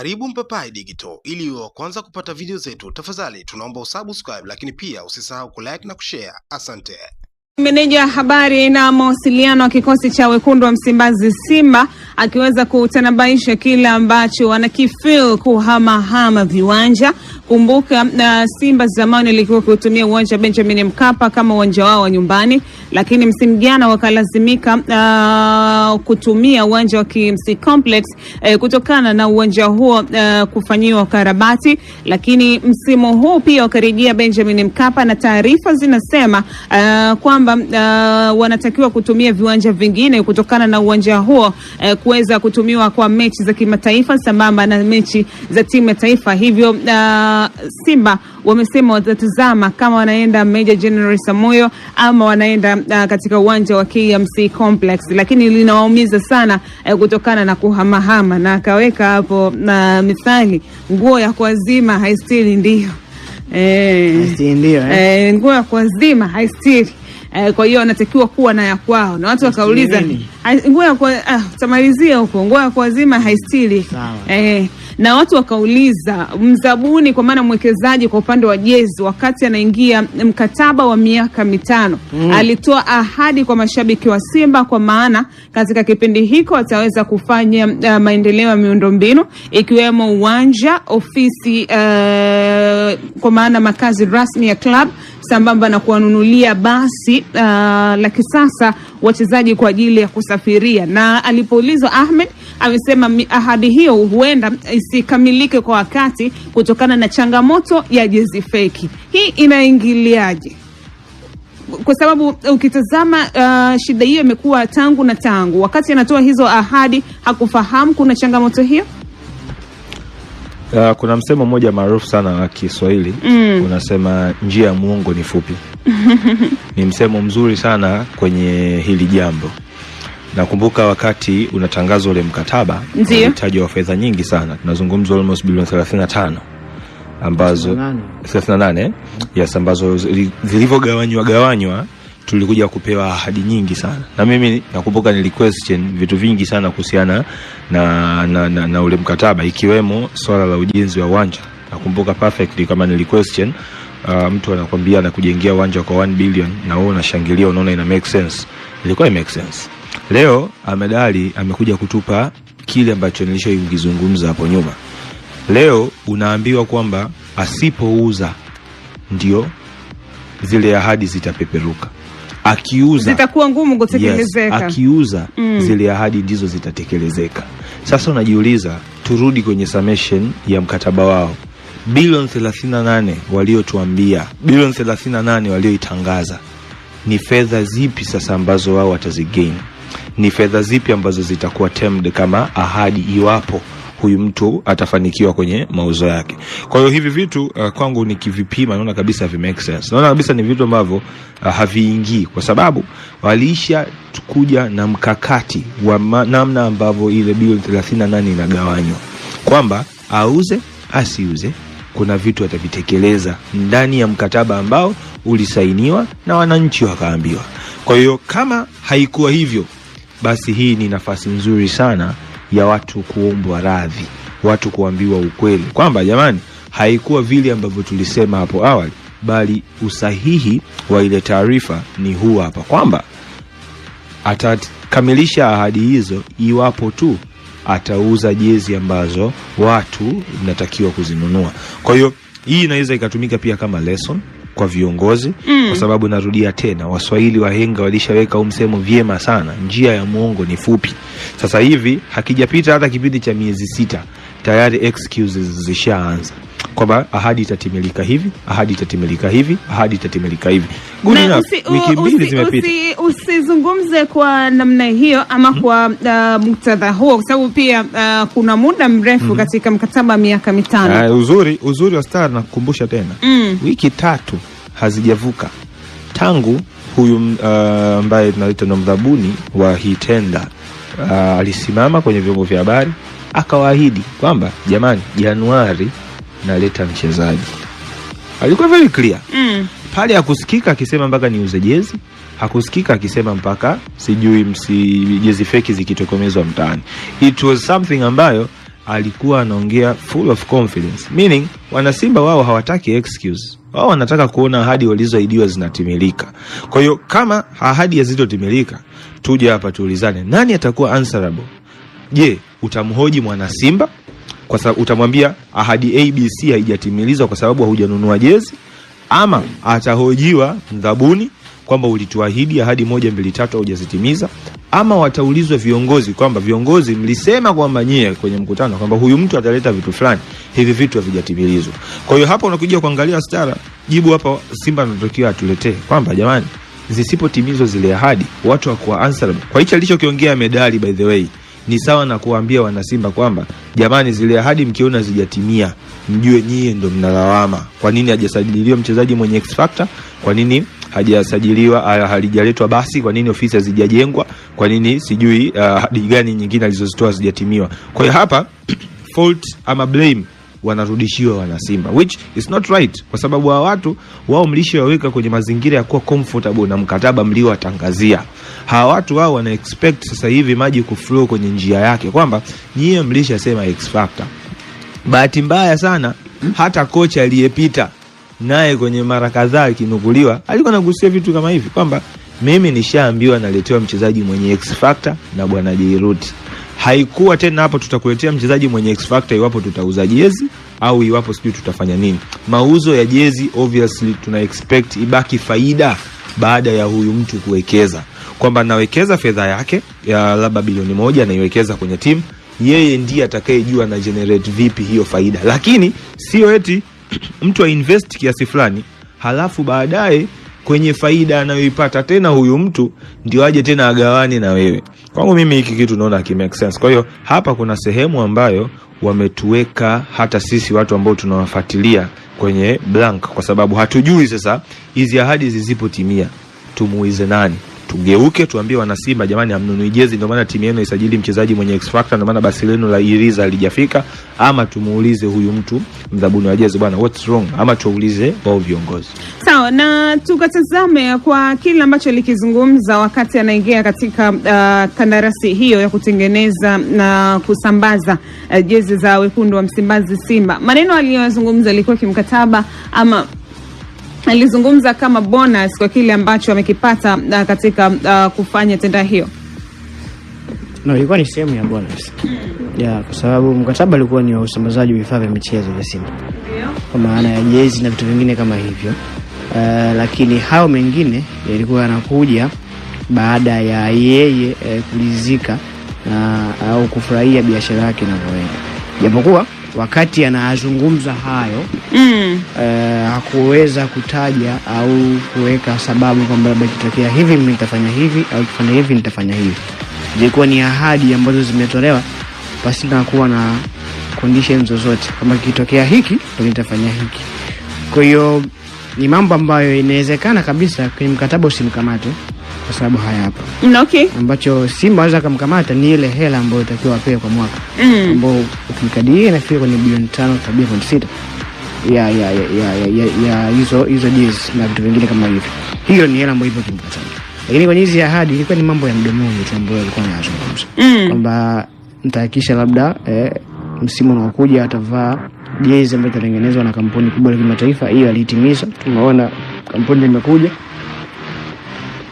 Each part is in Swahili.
Karibu Mpapai Digital, ili uwe wa kwanza kupata video zetu, tafadhali tunaomba usubscribe, lakini pia usisahau kulike na kushare. Asante. Meneja habari na mawasiliano wa kikosi cha wekundu wa Msimbazi Simba akiweza kutanabaisha kile ambacho wanakifil kuhamahama viwanja. Kumbuka uh, Simba zamani ilikuwa kutumia uwanja Benjamin Mkapa kama uwanja wao wa nyumbani, lakini msimu jana wakalazimika uh, kutumia uwanja wa KMC Complex uh, kutokana na uwanja huo uh, kufanyiwa karabati lakini msimu huu pia wakarejea Benjamin Mkapa na taarifa zinasema uh, ah, kwa kwamba uh, wanatakiwa kutumia viwanja vingine kutokana na uwanja huo uh, kuweza kutumiwa kwa mechi za kimataifa sambamba na mechi za timu ya taifa. Hivyo uh, Simba wamesema watatazama kama wanaenda Meja Jenerali Samoyo ama wanaenda uh, katika uwanja wa KMC Complex, lakini linawaumiza sana uh, kutokana na kuhamahama, na akaweka hapo na uh, mithali nguo ya kuazima haistiri, ndio eh. nguo eh, eh, ya kuazima haistiri eh, kwa hiyo wanatakiwa kuwa na ya kwao, na watu wakauliza nguo ya kwa ah, tamalizia huko nguo ya kwa zima haistili eh, na watu wakauliza mzabuni, kwa maana mwekezaji kwa upande wa jezi, wakati anaingia mkataba wa miaka mitano mm, alitoa ahadi kwa mashabiki wa Simba kwa maana katika kipindi hiko ataweza kufanya uh, maendeleo ya miundombinu ikiwemo uwanja, ofisi uh, kwa maana makazi rasmi ya club sambamba na kuwanunulia basi uh, la kisasa wachezaji kwa ajili ya kusafiria. Na alipoulizwa Ahmed amesema ahadi hiyo huenda isikamilike kwa wakati kutokana na changamoto ya jezi feki. Hii inaingiliaje? Kwa sababu ukitazama uh, shida hiyo imekuwa tangu na tangu, wakati anatoa hizo ahadi hakufahamu kuna changamoto hiyo. Uh, kuna msemo mmoja maarufu sana wa Kiswahili mm. unasema njia ya muongo ni fupi. Ni msemo mzuri sana kwenye hili jambo. Nakumbuka wakati unatangaza ule mkataba unahitaji wa fedha nyingi sana, tunazungumza almost bilioni 35 ambazo 38 yes, ambazo zilivyogawanywa gawanywa tulikuja kupewa ahadi nyingi sana, na mimi nakumbuka nili question vitu vingi sana kuhusiana na, na, na, na ule mkataba ikiwemo swala la ujenzi wa uwanja. Nakumbuka perfectly kama nili question uh, mtu anakwambia anakujengea uwanja kwa 1 billion na wewe unashangilia, unaona ina make sense. Ilikuwa ina make sense. Leo amedali amekuja kutupa kile ambacho nilishokizungumza hapo nyuma. Leo unaambiwa kwamba asipouza ndio zile ahadi zitapeperuka akiuza zitakuwa ngumu kutekelezeka. Yes, akiuza mm. zile ahadi ndizo zitatekelezeka. Sasa unajiuliza, turudi kwenye summation ya mkataba wao bilioni 38 waliotuambia, bilioni 38 walioitangaza, ni fedha zipi sasa ambazo wao watazigain? Ni fedha zipi ambazo zitakuwa termed kama ahadi iwapo huyu mtu atafanikiwa kwenye mauzo yake. Kwa hiyo hivi vitu uh, kwangu nikivipima naona kabisa vi make sense. Naona kabisa ni vitu ambavyo uh, haviingii kwa sababu waliisha kuja na mkakati wa namna ambavyo ile bilioni 38 inagawanywa kwamba auze asiuze kuna vitu atavitekeleza ndani ya mkataba ambao ulisainiwa na wananchi wakaambiwa. Kwa hiyo kama haikuwa hivyo, basi hii ni nafasi nzuri sana ya watu kuombwa radhi, watu kuambiwa ukweli kwamba jamani, haikuwa vile ambavyo tulisema hapo awali, bali usahihi wa ile taarifa ni huu hapa, kwamba atakamilisha ahadi hizo iwapo tu atauza jezi ambazo watu inatakiwa kuzinunua. Kwa hiyo hii inaweza ikatumika pia kama lesson kwa viongozi mm. Kwa sababu narudia tena, Waswahili wahenga walishaweka huu msemo vyema sana, njia ya mwongo ni fupi. Sasa hivi hakijapita hata kipindi cha miezi sita tayari excuses zishaanza kwamba ahadi itatimilika hivi, ahadi itatimilika hivi, ahadi itatimilika hivi. wiki mbili zimepita. Usizungumze kwa namna hiyo ama hmm? kwa uh, muktadha huo kwa sababu pia uh, kuna muda mrefu mm -hmm. katika mkataba miaka mitano. Uh, uzuri uzuri wa Star nakukumbusha tena mm. wiki tatu hazijavuka tangu huyu uh, ambaye uh, tunaita ndo mdhabuni wa hii tenda uh, alisimama kwenye vyombo vya habari akawaahidi kwamba jamani, Januari naleta mchezaji. Alikuwa very clear mm. Pale hakusikika akisema mpaka niuze jezi, hakusikika akisema mpaka sijui msi jezi feki zikitokomezwa mtaani. It was something ambayo alikuwa anaongea full of confidence, meaning wanasimba wao hawataki excuse, wao wanataka kuona ahadi walizoahidiwa zinatimilika. Kwa hiyo kama ahadi hazitotimilika, tuje hapa tuulizane, nani atakuwa answerable? Je, utamhoji mwana Simba kwa sababu utamwambia ahadi ABC haijatimilizwa kwa sababu hujanunua jezi, ama atahojiwa mdhabuni kwamba ulituahidi ahadi moja mbili tatu haujazitimiza, ama wataulizwa viongozi kwamba viongozi, mlisema kwamba nyie kwenye mkutano kwamba huyu mtu ataleta vitu fulani, hivi vitu havijatimilizwa. Kwa hiyo hapa unakuja kuangalia stara jibu hapa Simba anatokiwa atuletee kwamba jamani, zisipotimizwa zile ahadi watu wa kwa answer kwa hicho alichokiongea medali by the way ni sawa na kuwaambia wanasimba kwamba jamani, zile ahadi mkiona zijatimia, mjue nyie ndo mnalawama. Kwa nini hajasajiliwa mchezaji mwenye X factor? Kwa nini hajasajiliwa ah, halijaletwa basi? Kwa nini ofisi hazijajengwa? Kwa nini sijui ah, ahadi gani nyingine alizozitoa zijatimiwa? Kwa hiyo hapa fault ama blame wanarudishiwa wanasimba, which is not right, kwa sababu wa watu wao mlishowaweka kwenye mazingira ya kuwa comfortable na mkataba mliowatangazia hawa watu wao wana expect sasa hivi maji kuflow kwenye njia yake, kwamba nyie mlishasema X factor. Bahati mbaya sana hata kocha aliyepita naye kwenye mara kadhaa akinukuliwa alikuwa anagusia vitu kama hivi kwamba mimi nishaambiwa naletewa mchezaji mwenye X factor na bwana Jairuti haikuwa tena hapo tutakuletea mchezaji mwenye X factor iwapo tutauza jezi au iwapo sijui tutafanya nini. Mauzo ya jezi obviously tuna expect ibaki faida baada ya huyu mtu kuwekeza, kwamba nawekeza fedha yake ya labda bilioni moja naiwekeza kwenye timu, yeye ndiye atakayejua na generate vipi hiyo faida, lakini sio eti mtu ainvest kiasi fulani halafu baadaye kwenye faida anayoipata tena huyu mtu ndio aje tena agawane na wewe. Kwangu mimi hiki kitu naona haki make sense. Kwa hiyo hapa kuna sehemu ambayo wametuweka hata sisi watu ambao tunawafuatilia kwenye blank, kwa sababu hatujui sasa hizi ahadi zisipotimia tumuize nani tugeuke tuambie wanasimba, jamani, amnunui jezi, ndio maana timu yenu isajili mchezaji mwenye X factor, ndio maana basi lenu la Iriza lijafika ama tumuulize huyu mtu mdhabuni wa jezi, bwana, what's wrong, ama tuulize wao viongozi. Sawa, na tukatazame kwa kile ambacho likizungumza wakati anaingia katika uh, kandarasi hiyo ya kutengeneza na kusambaza uh, jezi za wekundu wa Msimbazi Simba, maneno aliyozungumza alikuwa kimkataba ama alizungumza kama bonus kwa kile ambacho amekipata uh, katika uh, kufanya tenda hiyo. No, ilikuwa ni sehemu ya bonus yeah, kwa sababu mkataba ulikuwa ni wa usambazaji wa vifaa vya michezo vya Simba kwa maana ya jezi na vitu vingine kama hivyo uh, lakini hayo mengine yalikuwa yanakuja baada ya yeye eh, kulizika na au kufurahia biashara yake inavyoenda japokuwa wakati anazungumza hayo mm. uh, hakuweza kutaja au kuweka sababu kwamba labda ikitokea hivi mimi nitafanya hivi au kifanya hivi nitafanya hivi. Zilikuwa ni ahadi ambazo zimetolewa pasina kuwa na conditions zozote, kama kitokea hiki nitafanya hiki. Kwa hiyo ni mambo ambayo inawezekana kabisa kwenye mkataba usimkamate kwa sababu hayapo. Mm, okay. Ambacho Simba waweza akamkamata ni ile hela ambayo itakiwa apewe kwa mwaka mm, ambao ukikadiria inafika kwenye bilioni tano sabini pointi sita ya ya ya ya ya ya hizo hizo deals na vitu vingine kama hivyo. Hiyo ni hela ambayo ipo kimpatani, lakini kwenye hizi ahadi ilikuwa ni mambo ya mdomoni tu ambayo alikuwa anazungumza mm, kwamba nitahakikisha labda eh, msimu unaokuja atavaa jezi ambayo itatengenezwa na kampuni kubwa ya kimataifa. Hiyo alitimiza, tumeona kampuni imekuja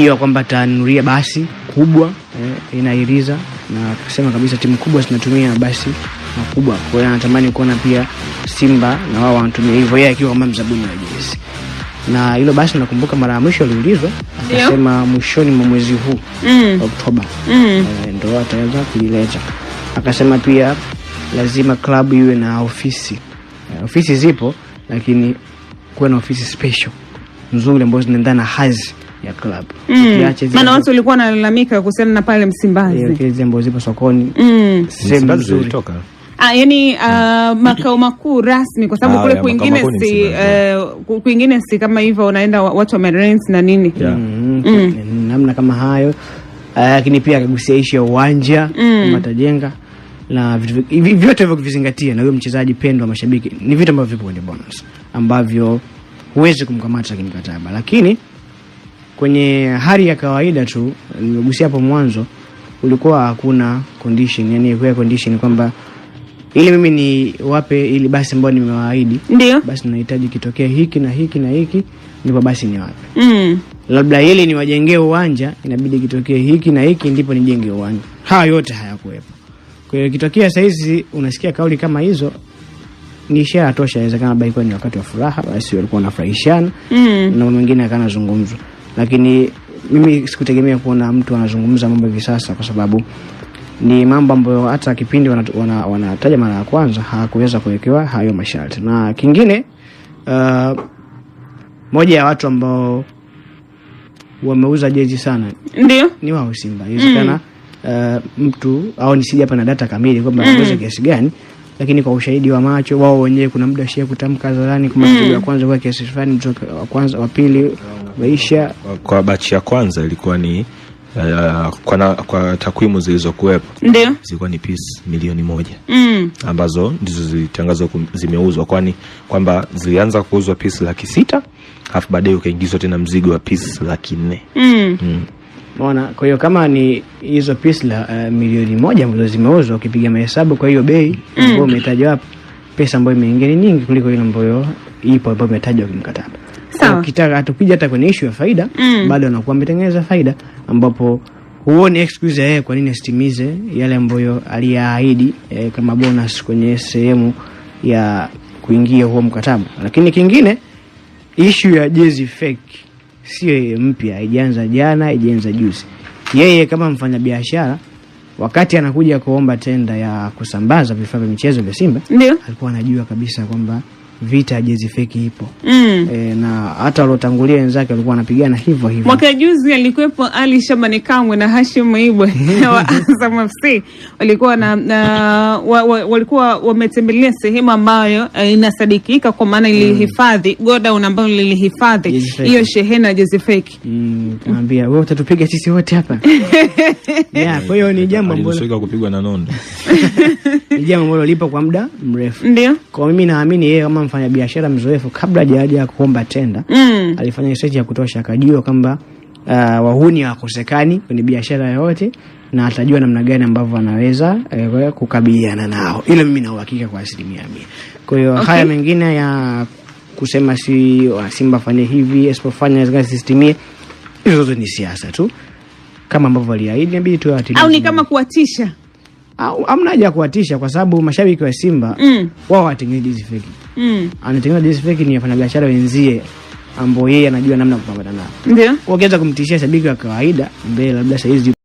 hiyo kwamba tanuria basi kubwa eh, inairiza na kusema kabisa timu kubwa zinatumia basi makubwa. Kwa hiyo anatamani kuona pia Simba na wao wanatumia hivyo, yeye akiwa kama mzabuni wa jezi. Na hilo basi nakumbuka mara ya mwisho aliulizwa akasema mwishoni mwa mwezi huu mm. Oktoba mm. E, eh, ndo ataweza kuileta Akasema pia lazima klabu iwe na ofisi e, ofisi zipo, lakini kuwe na ofisi special nzuri ambazo zinaendana na hazi ya club mm. maana watu walikuwa wanalalamika kuhusiana na pale Msimbazi kile zembo zipo sokoni mm. nzuri Ah, yani uh, makao makuu rasmi kwa sababu ah, kule kwingine si uh, kwingine si kama hivyo unaenda watu wa rent na nini yeah. mm. Mm. namna kama hayo ah, lakini uh, pia akagusia ishu ya uwanja mm. matajenga na vyote hivyo kuvizingatia na huyo mchezaji pendwa mashabiki ni vitu ambavyo vipo kwenye bonus ambavyo huwezi kumkamata kimkataba lakini kwenye hali ya kawaida tu, nimegusia hapo mwanzo, ulikuwa hakuna condition, yani kwa condition kwamba ili mimi ni wape ili basi ambao nimewaahidi, ndio basi nahitaji kitokee hiki na hiki na hiki, ndipo basi ni wape mm. labda ili niwajengee uwanja, inabidi kitokee hiki na hiki, ndipo nijenge uwanja. Haya yote hayakuwepo. Kwa hiyo kitokea saa hizi unasikia kauli kama hizo ni ishara tosha. Inawezekana labda ni wakati wa furaha, basi walikuwa wanafurahishana mm. na mwingine akanazungumzwa lakini mimi sikutegemea kuona mtu anazungumza mambo hivi sasa, kwa sababu ni mambo ambayo hata kipindi wanataja wana, wana mara ya kwanza hakuweza kuwekewa hayo masharti. Na kingine uh, moja ya watu ambao wameuza jezi sana ndio ni wao Simba. Inawezekana mm. Uh, mtu au nisije hapa na data kamili kwamba anauza mm. kiasi gani, lakini kwa ushahidi wa macho wao wenyewe, kuna muda shia kutamka hadharani kama mm. ya kwanza kwa kiasi fulani, mtu wa kwanza wa pili maisha. Kwa bachi ya kwanza ilikuwa ni Uh, kwa, kwa takwimu zilizokuwepo ndio zilikuwa ni piece milioni moja mm, ambazo ndizo zilitangazwa zimeuzwa, kwani kwamba zilianza kuuzwa piece laki sita alafu baadaye ukaingizwa tena mzigo wa piece laki nne mm. mm. kwa hiyo kama ni hizo piece la uh, milioni moja ambazo zimeuzwa, ukipiga mahesabu kwa hiyo bei ambayo mm, umetajwa hapo, pesa ambayo imeingia ni nyingi kuliko ile ambayo ipo ambayo imetajwa kimkataba ukitaka atakuja hata kwenye issue ya faida mm. bado anakuwa ametengeneza faida ambapo huoni excuse yeye kwa nini asitimize yale ambayo aliyaahidi eh, kama bonus kwenye sehemu ya kuingia huo mkataba. Lakini kingine issue ya jezi fake sio yeye mpya, haijaanza jana, haijaanza juzi. Yeye kama mfanyabiashara wakati anakuja kuomba tenda ya kusambaza vifaa vya michezo vya Simba, ndio alikuwa anajua kabisa kwamba vita ya jezi feki ipo mm. E, na hata waliotangulia wenzake walikuwa wanapigana hivyo hivyo. Mwaka juzi alikuwepo Ali Shabani Kamwe na Hashim Ibwe wa Azam FC walikuwa na, na wa, wa, walikuwa wametembelea sehemu ambayo uh, inasadikika kwa maana mm. ilihifadhi mm. godown ambayo lilihifadhi hiyo shehena ya jezi feki mm, kaambia wewe utatupiga sisi wote hapa yeah, kwa hiyo ni jambo ambalo kupigwa na nondo ni jambo ambalo lipo kwa muda mrefu ndio kwa mimi naamini yeye kama mfanya biashara mzoefu kabla hajaja kuomba tenda mm. alifanya research ya kutosha akajua kwamba uh, wahuni hawakosekani kwenye biashara yoyote na atajua namna gani ambavyo anaweza eh, kukabiliana nao, ila mimi na uhakika kwa asilimia mia. Kwa hiyo okay. haya mengine ya kusema si simba fanye hivi, asipofanya sistimie, hizo zote ni siasa tu, kama ambavyo waliahidi, inabidi tu au ni kama kuwatisha Hamna haja ya kuwatisha kwa sababu mashabiki wa Simba mm. wao hawatengenezi hizi feki mm. anatengeneza deals fake ni wafanyabiashara wenzie ambao yeye anajua namna kupambana nao. Ndio. wakianza kumtishia shabiki wa kawaida mbele labda saizi